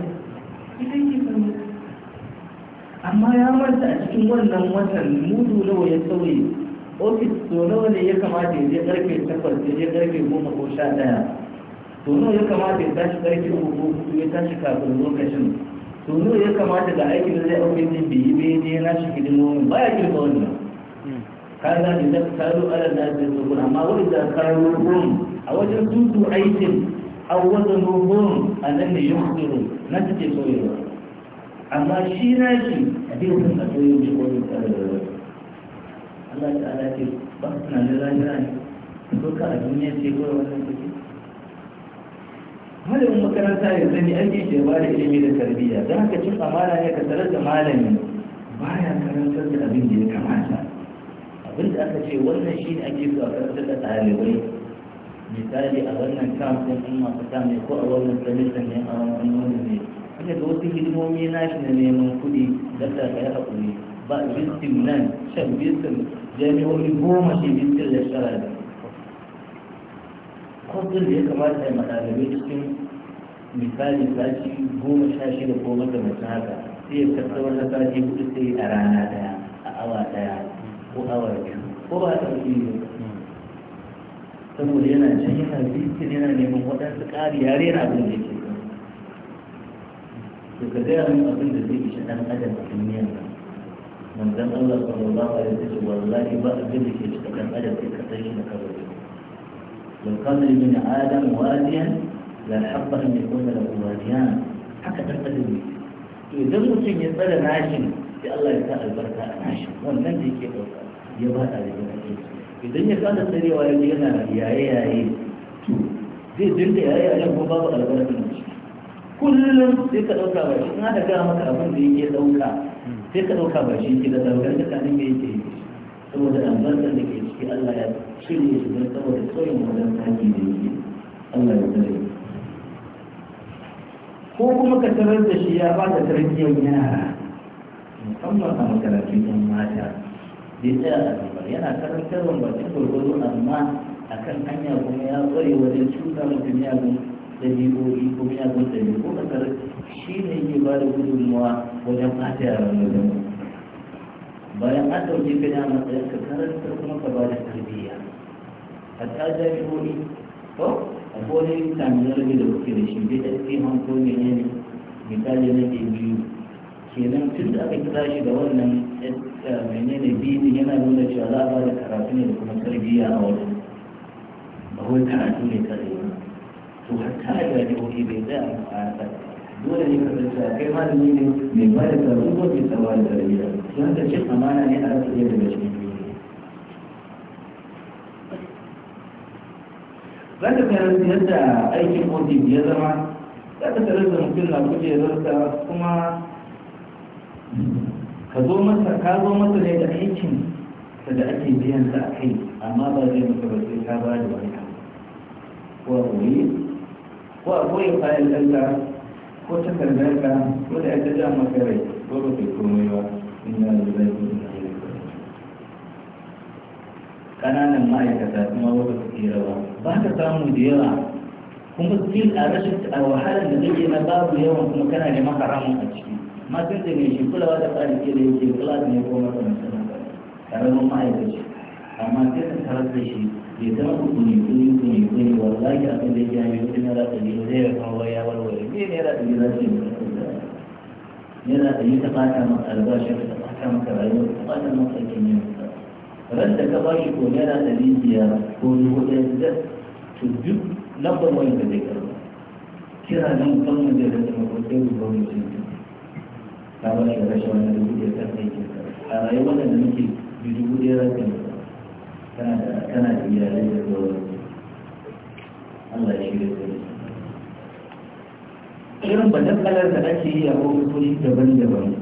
ita ke faru amma ya manta a cikin wannan watan mudu nawa ya sauye ofis so nawa ne ya kamata ya je karfe takwas ya je karfe goma ko sha ɗaya tunu ya kamata ya tashi karfe uku ko ya tashi kafin lokacin to nawa ya kamata da aiki da zai aure ne bi yi bai ne na shi hidimomin baya girma wannan hmm. kaza da ta ala da ta zuwa amma wani da karu rum a wajen tutu aikin a wajen rum a nan ne tsoro na take soyewa amma shi na shi a bai san a soyewa ne ko ta Allah ta'ala ce ba su na da rayuwa ne ko ka a duniya ce ko wannan malamin makaranta ya sani ake shi ba da ilimi da tarbiyya don haka cin amana ne ka tarar da malami baya karantar da abin da ya kamata abin da aka ce wannan shi ne ake zuwa karantar da ɗalibai misali a wannan kamfin in masu samun ko a wannan salisan ne a wannan wannan ne haka da wasu hidimomi na shi na neman kuɗi don da ka yi haƙuri ba bistin nan shan bistin jami'o'i goma shi bistin da kudin da ya kamata ya madalabe cikin misali sati goma sha shida ko makamancin haka sai ya karɓi wani sati kudu sai a rana daya a awa daya ko awa biyu ko ba ta fi saboda yana can yana zikin yana neman waɗansu ƙari ya rera abin da yake to ka gaya min abin da zai ishe ɗan adam a duniyar nan manzon Allah sallallahu alaihi wasallam wallahi ba abin da ke cikin ɗan adam sai ka san shi da kabari لو كان لابن آدم واديا لاحق أن يكون له واديان haka tattalin ne to idan mutum ya tsara nashin sai Allah ya sa albarka a nashin wannan da yake ɗauka ya ba da daga nashin idan ya kasa tsarewa ya to zai ko babu albarka na shi kullum sai ka ɗauka ba shi na da gaya maka abin da yake ɗauka sai ka ɗauka ba shi ke da ɗaukar da kanin da yake yi saboda albarkar da ke ciki Allah ya shirye shi don saboda tsoyin wajen taki da yake Allah ya tsare ko kuma ka tarar da shi ya ba da tarbiyyar yara musamman a makarantun yan mata bai tsaya a gaba yana karantarwa bakin gwargwaro amma a kan hanya kuma ya tsare wajen cuta mutum ya gun dabi'o'i kuma ya gun dabi'o ka tarar shi ne ke ba da gudunmuwa wajen fata yaran wajen bayan an ɗauke ka da matsayin ka karanta kuma ka bada ba da tarbiyya hatta jami'o'i ko a kodin terminology da kuke da shi bai ɗauke hanko ne ne misali na ke biyu kenan tun da aka kira shi da wannan eh, eh, menene biyu yana nuna cewa za a bada da karatu ne da kuma tarbiyya a wajen ba wai karatu ne kare to ya jami'o'i bai tsaya a dole ne ka zanta kai malami ne mai ba da tsaro ko mai tsawa da tarbiyya don ka cin amana ne a rasa ɗaya daga cikin za ka tarar da yadda aikin ofis ya zama za ka tarar da mutum na kujerarsa kuma ka zo masa ka zo masa ne da aikin da ake biyan sa a kai amma ba zai maka ba sai ka ba da wani abu ko a koyi ko a koyi kayan ɗanka ko ta kallon ka ko da ita ja maka rai ko ba ta komai ba ina da zai ko ina da kananan ma'aikata kuma ba ta tsira ba ba ka samu da yawa kuma still a rashin a wahalar da zai na babu yawan kuma kana da makaramin a ciki matan da mai shi kulawa da tsari ke da yake kula ne ko makamancin karamin ma'aikaci amma sai ka tarar da shi ya zama kuni kuni kuni kuni wallahi abin da ya yi wani da ɗari zai ya kawo ya warware ne naira ɗari za su yi naira ɗari ta ɓata maka albashi ta ɓata maka rayuwa ta ɓata maka aikin yin ran da ka bashi ko naira ɗari biyar ko dubu ɗaya da to duk lambar wani da zai karba. kira nan kan mu da zai mako sai mu ba mu cin ta ba shi rashin wani dubu ɗaya ta kai a rayuwar da muke dubu ɗaya za ta kana da kana da iyalai da sauran Allah shi da sauran irin badakalar da ake yi a ofisoshi daban-daban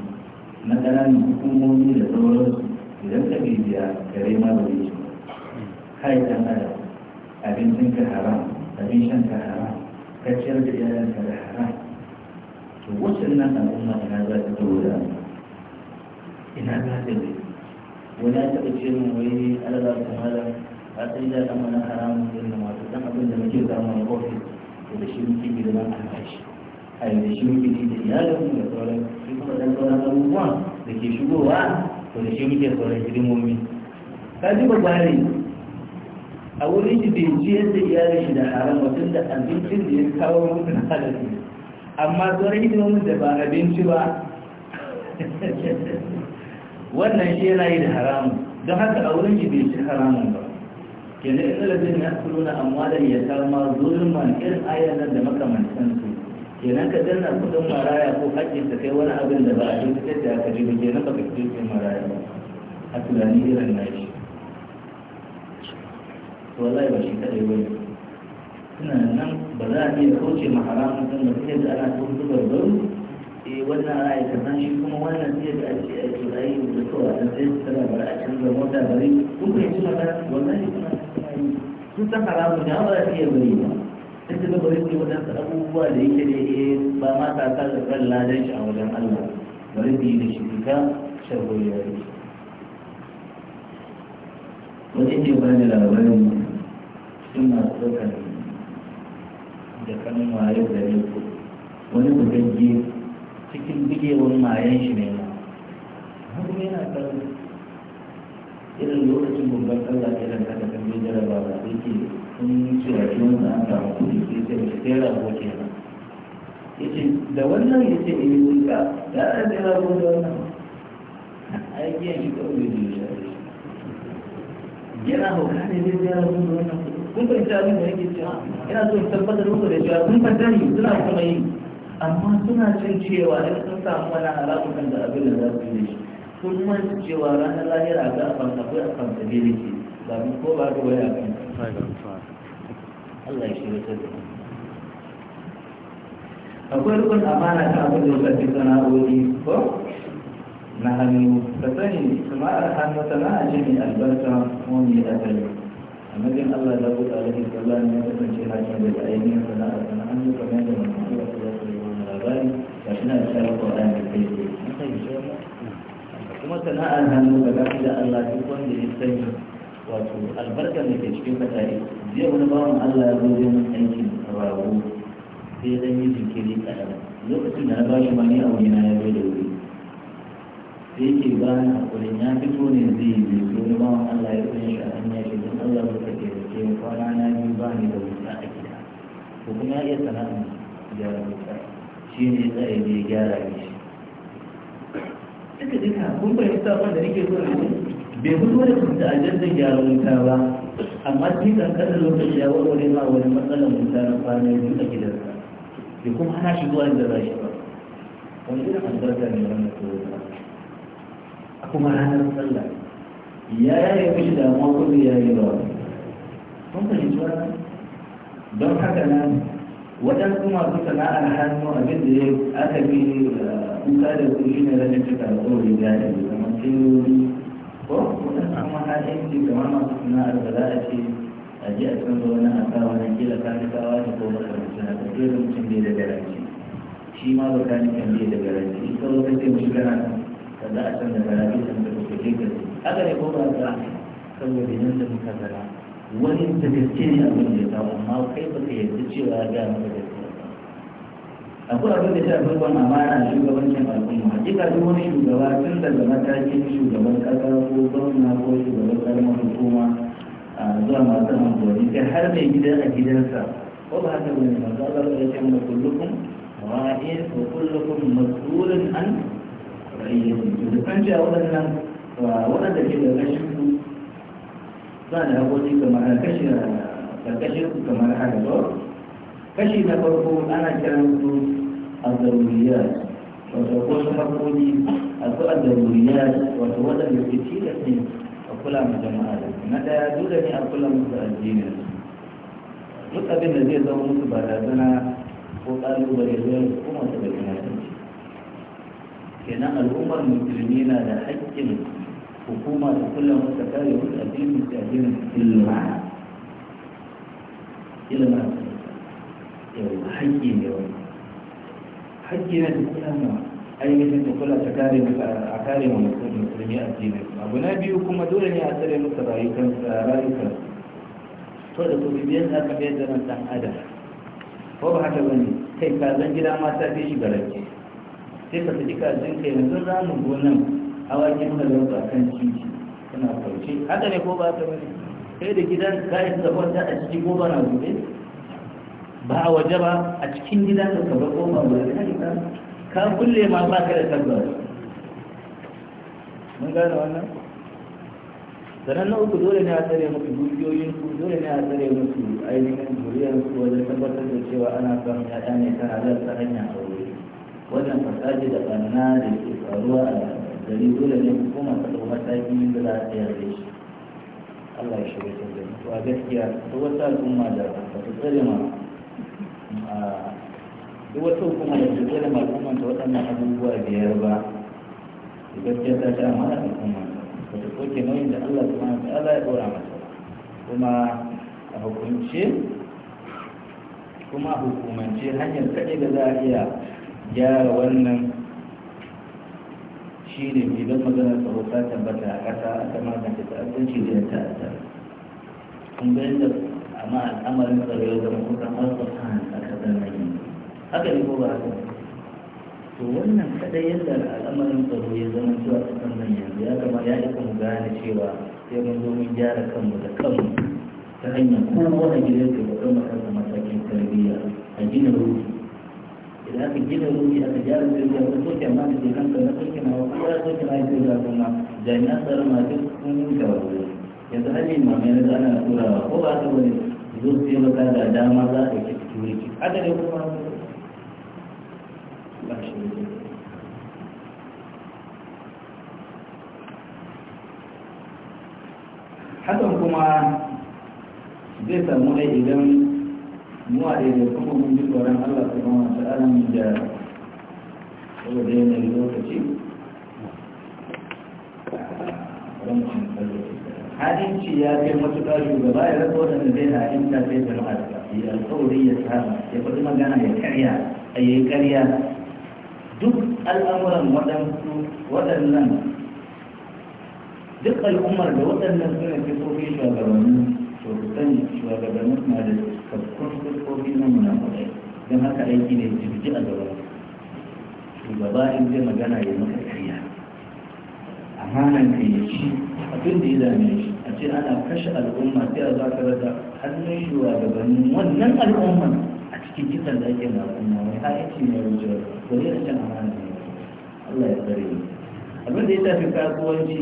na ƙananan hukumomi da sauransu idan ka bibiya kare ma ba zai ci kai dan adam abincin ka haram abin shan ka haram ka ciyar da iyalan ka da haram to wacce nan al'umma ina za ta zo da ina za ta zai wani ya taɓa ce min wai alaza ta mala a sai da ɗan wani haramun da da masu ɗan abin da muke zama na ofis to da shi muke girman albashi a yanzu shi muke ji da iyalinmu da sauran shi kuma ɗan sauran abubuwan da ke shigowa to da shi muke sauran hidimomi ka ji ba gwari a wurin shi bai ji yadda iyalin shi da haram mutum da abincin da ya kawo musu na halarci amma sauran hidimomin da ba abinci ba wannan shi yana yi da haramun don haka a wurin shi bai shi haramun ba kenan ina da zai na kuro na amwalan ya kama ma irin ayyana nan da makamantansu su kenan ka danna kudin maraya ko haƙƙin ta kai wani abin da ba a yi fitar da aka jibi kenan baka fitar da maraya ba a tunani irin na shi wallahi ba shi kaɗai ba ne suna nan ba za a iya kauce ma haramun sun da suke da ana tun zubar baro eh wannan ra'ayi ka san shi kuma wannan sai da ake ake ra'ayi da kowa da sai ta tana bari a canza mota bari kun fahimci magana wannan ne kuma sun san haramu da ba za su iya bari ba sai su gaba rike wadansu abubuwa da yake da eh ba ma ta sa da kan ladan shi a wajen Allah bari su yi da shi ka sharholi ya rike wani ke ba da labarin cikin masu ɗaukar da kanin wayo da riko wani bugagge bugewar mayan shi ne hannun yana kan irin lokacin babban sallah irin kada kan yi jarabawa Sai ke sun yi cewa shi wanda an samu kuɗi sai sai ba sai rago ke nan ce da wannan ya ce in yi wuta da ana sai rago da wannan aiki yanki kawai da yi shi yana hauka ne zai sai rago da wannan kun fahimta abin da yake cewa yana so in tabbatar muku da cewa kun fadari suna kuma yi amma suna cin cewa in sun samu wani haramun kan da abin da za su yi shi sun manta cewa ranar lahira a fanta akwai a fanta ne ke ba mu ko ba ruwa ya kan Allah ya shirya ta da akwai rukun amana ta abin da ya fi sana'o'i ko na hannu ka sani a hannu sana'a ce mai albarka ko mai asali annabin Allah da buɗa alaihi sallallahu alaihi wasallam ya kasance hakan da ainihin sana'ar sana'a hannu kamar yadda mutum ya ina da sharar ƙwarar da kai kuma sana'ar hannu ga gafi da Allah duk wanda ya sani wato albarkar ne ke cikin fatari zai wani bawan Allah ya zo aiki a rago sai zan yi jinkiri kaɗan lokacin da na ba shi ma ni a wani na ya zo da wuri sai yake ba ni hakurin ya fito ne zai yi zai zo wani bawan Allah ya zo shi a hanya shi don Allah ya kake da ke kwana na biyu ba ni da wuta a gida ko kuma ya iya sana'ar da wuta shi ne ya tsaye ne gyara ne shi duka duka kun fahimta wanda nake so ne bai fito da kunta ajandar gyara wuta ba amma shi kankanin lokaci ya warware ma wani matsalar wuta na kwana biyu a gidansa bai kuma hana shi zuwa inda za shi ba wani irin albarka ne wannan tsoron a kuma ranar sallah ya yaye mishi damuwa kuma ya yi ba kun fahimci wannan don haka na ne. waɗansu masu sana'ar hannu abin da ya aka bi eh, kuka da su shi ne rashin cika alƙawari da ya yi kamar tiyoyi ko waɗansu kuma ha'inci kamar masu sana'ar da za a ce a ji a canza a asa wani kila kanikawa da ko makamancin haka suna da mutum bai da garanti shi ma ba kanikan bai da garanti ita wata ce mu shiga nan ka za a canza garanci can da kuka je ka haka ne ko ba da saboda yanzu muka zara wani da gaske ne abin da ya samu amma kai ba ka yarda cewa ya gaya maka gaske akwai abin da ta fi wani amana shugabancin al'umma hakika duk wani shugaba tun daga matakin shugaban kasa ko gwamna ko shugaban karamar hukuma zuwa masu amfani kai har mai gida a gidansa ko ba haka bane masu Allah ya ce mu kullukum ra'in wa kullukum mas'ulun an ra'iyyatin to kan a waɗannan waɗanda ke da rashin suna da haƙoƙi kamar kashi karkashin su kamar haka ba kashi na farko ana kiran su zaruriya wato su haƙoƙi a su zaruriya wato da ke da ne a kula ma jama'a da na ɗaya dole ne a kula musu addinin duk abin da zai zama musu zana ko ƙalubale zai kuma su da kinatanci kenan al'ummar musulmi na da haƙƙin hukuma da kullum ta kare wasu addini da addinin ilma ilma yau haƙƙi ne wani haƙƙi ne da kullum da kula ta kare a kare wa musulmi addini abu na biyu kuma dole ne a tsare musu rayukan rayukan da kuma biyan da aka bayar da nan ko ba haka bane kai ka zan gida mata ta fi shi garanti sai ka saki ka kai yanzu za mu gonan awakin da zan ba kan titi suna kwance haka ne ko ba ta bane sai da gidan kayan da kwanta a cikin goma na gobe ba a waje ba a cikin gidan da ka ba goma ba ka kulle ma ba ka da tabbata mun gane wannan sanan na uku dole ne a tsare musu dukiyoyin su dole ne a tsare musu ainihin zuriyar su wajen tabbatar da cewa ana son ya ne ta halar ta aure wannan fasaji da ɓanna da ke faruwa a gari dole ne hukumar ta ɗau mataki da za ta yarda shi Allah ya shiga ta gani to a gaskiya ta wata al'umma da ba ta tsare ma duk wata hukuma da ta tsare ma al'ummar ta waɗannan abubuwa biyar ba da gaskiya ta ta amana al'umma ba ta soke nauyin da Allah ta mana ta'ala ya ɗora mata kuma a hukunce kuma hukumance hanyar kaɗai da za a iya gyara wannan shi ne idan magana tsaro ta tabbata a ƙasa a aka magance ta'addanci da ta'adda kun ga yadda amma al'amarin tsaro ya zama kusan alfa kan a ƙasar nan haka ne ko ba haka to wannan kadai yadda al'amarin tsaro ya zama zuwa ƙasar nan yanzu ya kama ya isa mu gane cewa sai mun zo mun gyara kanmu da kanmu ta hanyar kowa a gidan ke ba kan matakin tarbiyya a gina rubutu da aka gina ruhi aka gyara sirri aka soke ma da ke kanka na soke ma wa kuma soke ma ya sirri a da ina tsara ma duk sun yi gaba yanzu hajji ma mai rasa ana turawa ko ba ta wani zo su yi baka da dama za a ke turiki haka ne kuma ba shi hakan kuma zai samu ne idan mu a ɗaya kuma mun ji tsoron Allah su kama ta alamun da saboda yanayi lokaci hadinci ya kai matuƙa shugaba ya rasa waɗanda zai na hadinta da jama'ar ya alƙawari ya saba ya faɗi magana ya karya a yi karya duk al'amuran waɗannan duk al'ummar da waɗannan suna fi maka aiki ne jirgi a gaba shugaba in zai magana ya maka kariya amanan ka ya ci abin da ya dame shi a ce ana kashe al'umma sai a za ka rasa hannun shugabannin wannan al'umma a cikin kitan da ake al'umma mai aiki ne ko wani a can amanan ne Allah ya tsare mu abin da ya tafi kasuwanci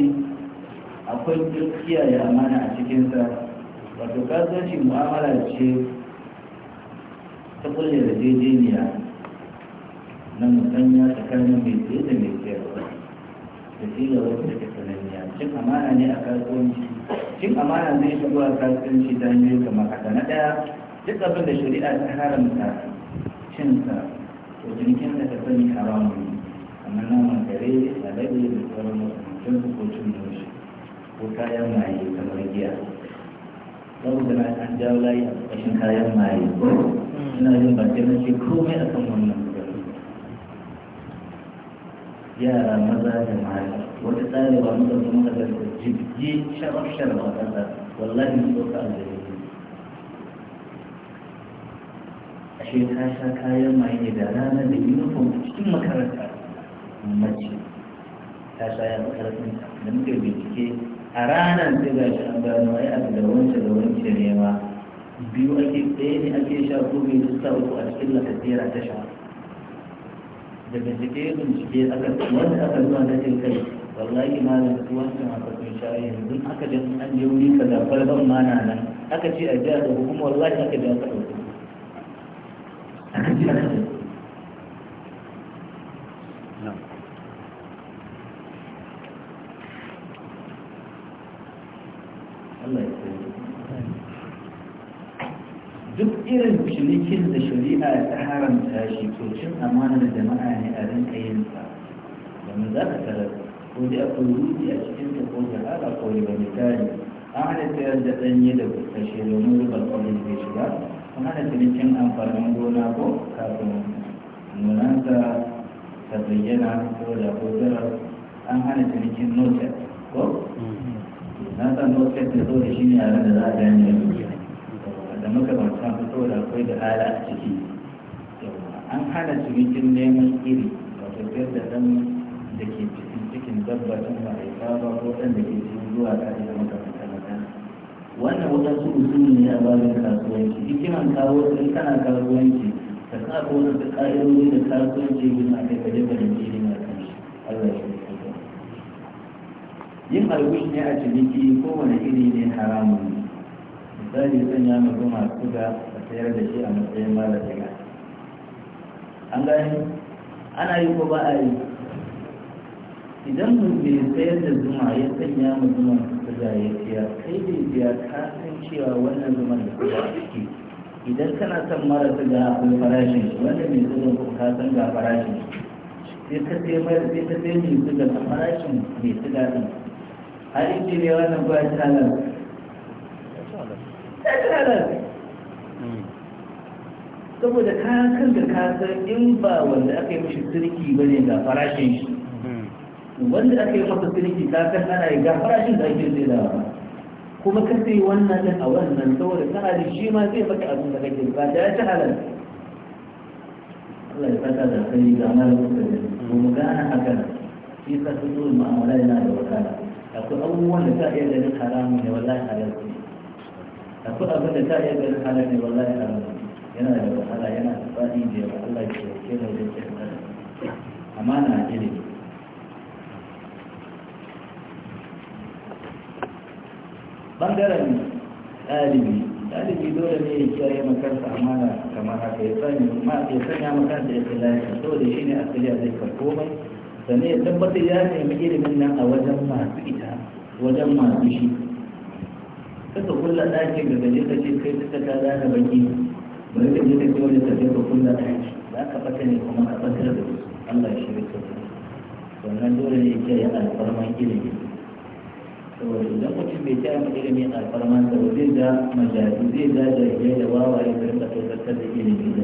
akwai kiyaye amana a cikinsa wato kasuwanci mu'amala ce ta kulle da jejeniya na musanya tsakanin mai tsaye da mai tsayarwa da shi da wasu da kasananniya cin amana ne a kasuwanci cin amana zai shigo a kasuwanci ta hanyoyi kamar haka na ɗaya duk abin da shari'a ta haramta cinsa to jirgin da ta sani haramun ne kamar naman da alade da sauran wasu mutum ko cin noshi ko kayan maye kamar giya saboda na an jawo layi a ƙarshen kayan maye ina jin bakin na ce komai a kan wannan yara maza da mata wata tsarewa muka zo muka da jibgi sharaf sharaf a ƙasa wallahi mun ɗauka a da yake ashe ta sha kayan maye da rana da uniform cikin makaranta mace ta sha ya makarantar da muka bincike a ranar sai ga shi an gano ai abu da wance da wance ne ma biyu ake ɗaya ne ake sha ko bai su uku a cikin lakasira ta sha da bincike bincike aka wanda aka zuwa na jin kai wallahi da su wancan aka sun sha yanzu aka ji an je wuri zafar ban ma na nan aka ce a jiya da hukumar wallahi aka je aka ɗauki cinikin da shari'a ta haramta shi ko cin amanar jama'a ne a rinka yin sa domin za ka tarar ko dai akwai rufi a cikin ta ko jahara ko wani misali an hana sayar da yi da kashe domin riba kwalin bai shiga an hana cinikin amfanin gona ko kafin nunansa ta bayyana ko da ko an hana cinikin notet ko mm-hmm. na san notet da zo da shi ne a da za a gani gane da makamantan fito da akwai da hala a ciki an hana cikin neman iri da tafiyar da ɗan da ke cikin cikin dabba ɗan mahaifa ba ko ɗan da ke cikin zuwa ɗari da makamantan wannan su usuli ne a babin kasuwanci hikiman kawo sai kana kasuwanci ka sa ko ta ƙa'idodi da kasuwanci yin a kai kaje ba da na kan shi Allah ya yin alwish ne a ciniki kowane iri ne haramun za yi sanya mutum masu ga a sayar da shi a matsayin da daga an gani ana yi ko ba a yi idan mu mutum sayar da zuma ya sanya mu zuma suga ya siya kai da biya ka san cewa wannan zuma da suga a ciki idan kana son mara su ga kuma farashin wanda mai zuma ko ka san ga farashin sai ka sai mai sai ka sai mai suga a farashin mai suga din har yake ne wannan ba shi halar saboda ka kanta ka san in ba wanda aka yi mashi sirki ba ne ga farashin shi wanda aka yi masa sirki ta san ana yi ga farashin da ake zai dawa kuma ka sai wannan nan a wannan saboda ta hali shi ma zai maka abin da kake ba da ya ci halar Allah ya fata da sani ga mara da ko mu gana haka shi ka su zo mu'amala yana da wakala akwai abubuwan da ka iya da haramun ne wallahi halal ne akwai abin da ta iya ganin halar ne wallahi halar yana da wahala yana da tsari da yawa Allah ke ke da wajen ke da amma na ilimi bangaren ɗalibi ɗalibi dole ne ya kiyaye makarsa amana kamar haka ya sanya ma ya sanya makarsa ya lafiya saboda shi ne asali a zai karɓo mai sannan ya tabbatar ya nemi ilimin nan a wajen masu ita wajen masu shi suka kulla ɗakin da gaje ka ce kai suka ta zana baki bari ka je ka ce wani ka je ka kulla ɗaki za ka fata ne kuma ka fatar da su Allah shi ne sauki wannan dole ne ce ya alfarman ilimi saboda idan mutum bai kyara ilimi alfarman sa zai da majalu zai da jahilai da wawaye da rinka tozartar da ilimi da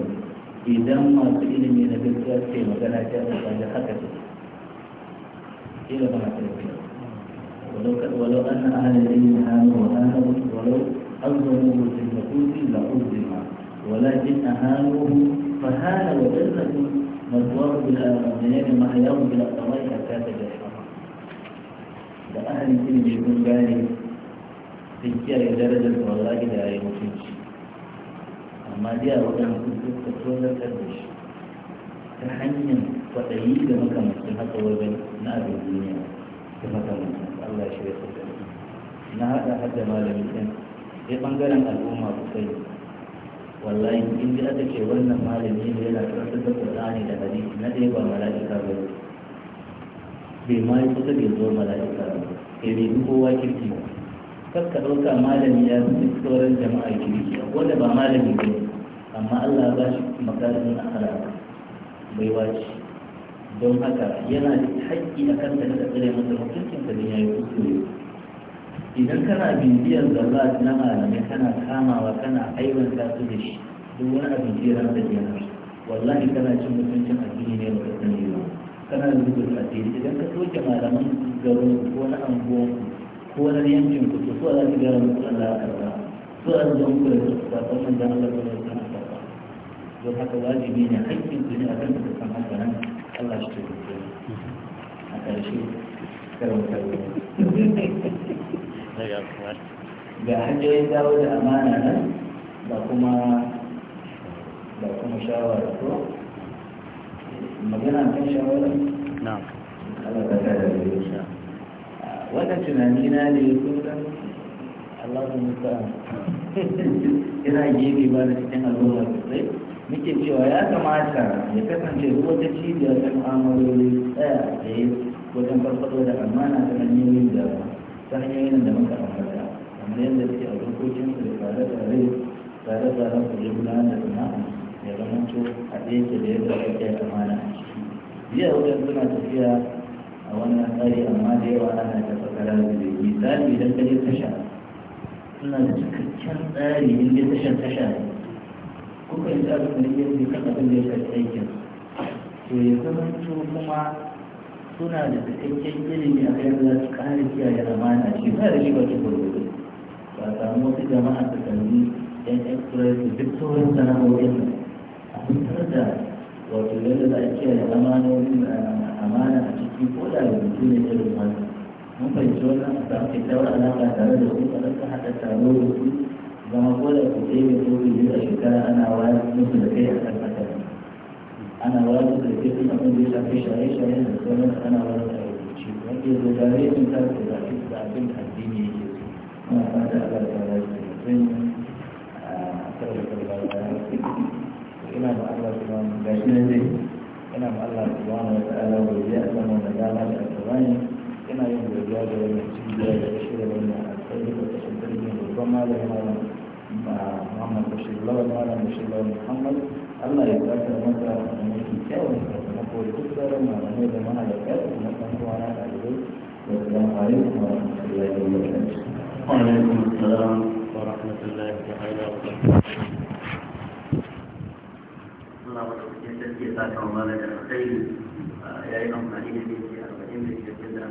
idan masu ilimi na gaskiya suke magana ta da haka ce. Ila ba na ولو ولو أن أهل العلم هانوا وهانوا ولو أظلموه في النفوس لأظلم ولكن أهانوه فهان وجنة مثواه بالأمنين محياه بالأقرار حتى تجحر da ahalin ilimi sun gane sun kiyaye darajar wallahi da ya mutunci amma dai a wajen kuka tozartar da shi ta hanyar kwaɗayi da makamancin haka wajen na abin duniya da makamantan Allah shi ya sauka na haɗa hadda malami ɗin sai ɓangaren al'umma ku sani wallahi in ji aka ce wannan malami ne yana karfin da Qur'ani da hadisi na ɗaya ba mala'ika ba bai ma yi kusa bai zo mala'ika ba bai bai kowa kirki ba kar ka ɗauka malami ya fi sauran jama'a kirki wanda ba malami ba amma Allah ba shi makarin akhlaq bai wace don haka yana da haƙƙi a kanta da tsare masa hukuncin ka ya yi kuskure idan kana bibiyar zalla na malamai kana kamawa kana aiwanta su da shi duk wani abinci ya rasa kenan wallahi kana cin mutuncin addini ne ba ka sani ba kana da zubar addini idan ka soke malaman garin ko na anguwan ko na yankin ku to so za ki gara muku Allah ya karba so za ki muku da ba ta san dan Allah ya karba don haka wajibi ne haƙƙin ku ne akan ka san haka nan Allah shi a ƙarshe karin karin ga hanyoyin dawo da amana nan ba kuma da kuma shawara ko magana kan shawara na'am Allah ta da shi wannan tunani na ne kullum Allah ya musa ina gefe ba da cikin al'umma sosai muke cewa ya kamata ya kasance duk wata cibiyar ta mu'amaloli tsaya tsaye wajen farfado da amana ta hanyoyin da ta hanyoyin da muka ambata kamar yadda suke a dokokin su da tsare tare tsare-tsaren su da gudanar da sana'a ya zama to a ɗaya ke da yadda ake amana a ciki jiya wajen suna tafiya a wannan tsari amma da yawa ana ta fakara da zai misali idan ka je tasha suna da cikakken tsari inda tashar tasha ne kuka yi abin da ya yi kan abin da ya kai aikin to ya zama kuma suna da cikakken ilimi a kai da su kare kiyaye amana shi ba da shi ba su gurgudu ba samu wasu jama'a ta kalli yan express da duk sauran sana'o'in a fitar da wato yadda za a kiyaye amanonin amana a ciki ko da rubutu ne irin wannan mun fahimci wannan a samun kyakkyawar alaƙa tare da wani ƙasar ɗauka haɗa taro da su da makoda ku je ya zo ku jira shekara ana wayar musu da kai a kan haka ana wayar musu da kai kuma abin da ya shafi shaye-shaye da sauran ana wayar da rubuci wanda ya zo gare sun ta ku da shi da abin da addini yake muna fata Allah ta wayar da mutum a kan da kalbar ina da Allah ta wani gashi na zai ina ma Allah ta wani wata ala godiya a saman da dama da alkawani ina yin godiya da wani cibiya da shirya wannan alkawari da kashin tarbiyya da kuma malamin malamin Muhammad Bashir Lawan Malam Bashir Lawan Muhammad Allah ya saka masa da mafi kyawun sakamako da duk sauran malamai da da kuma na ɗalibai da Allah ya yi amfani da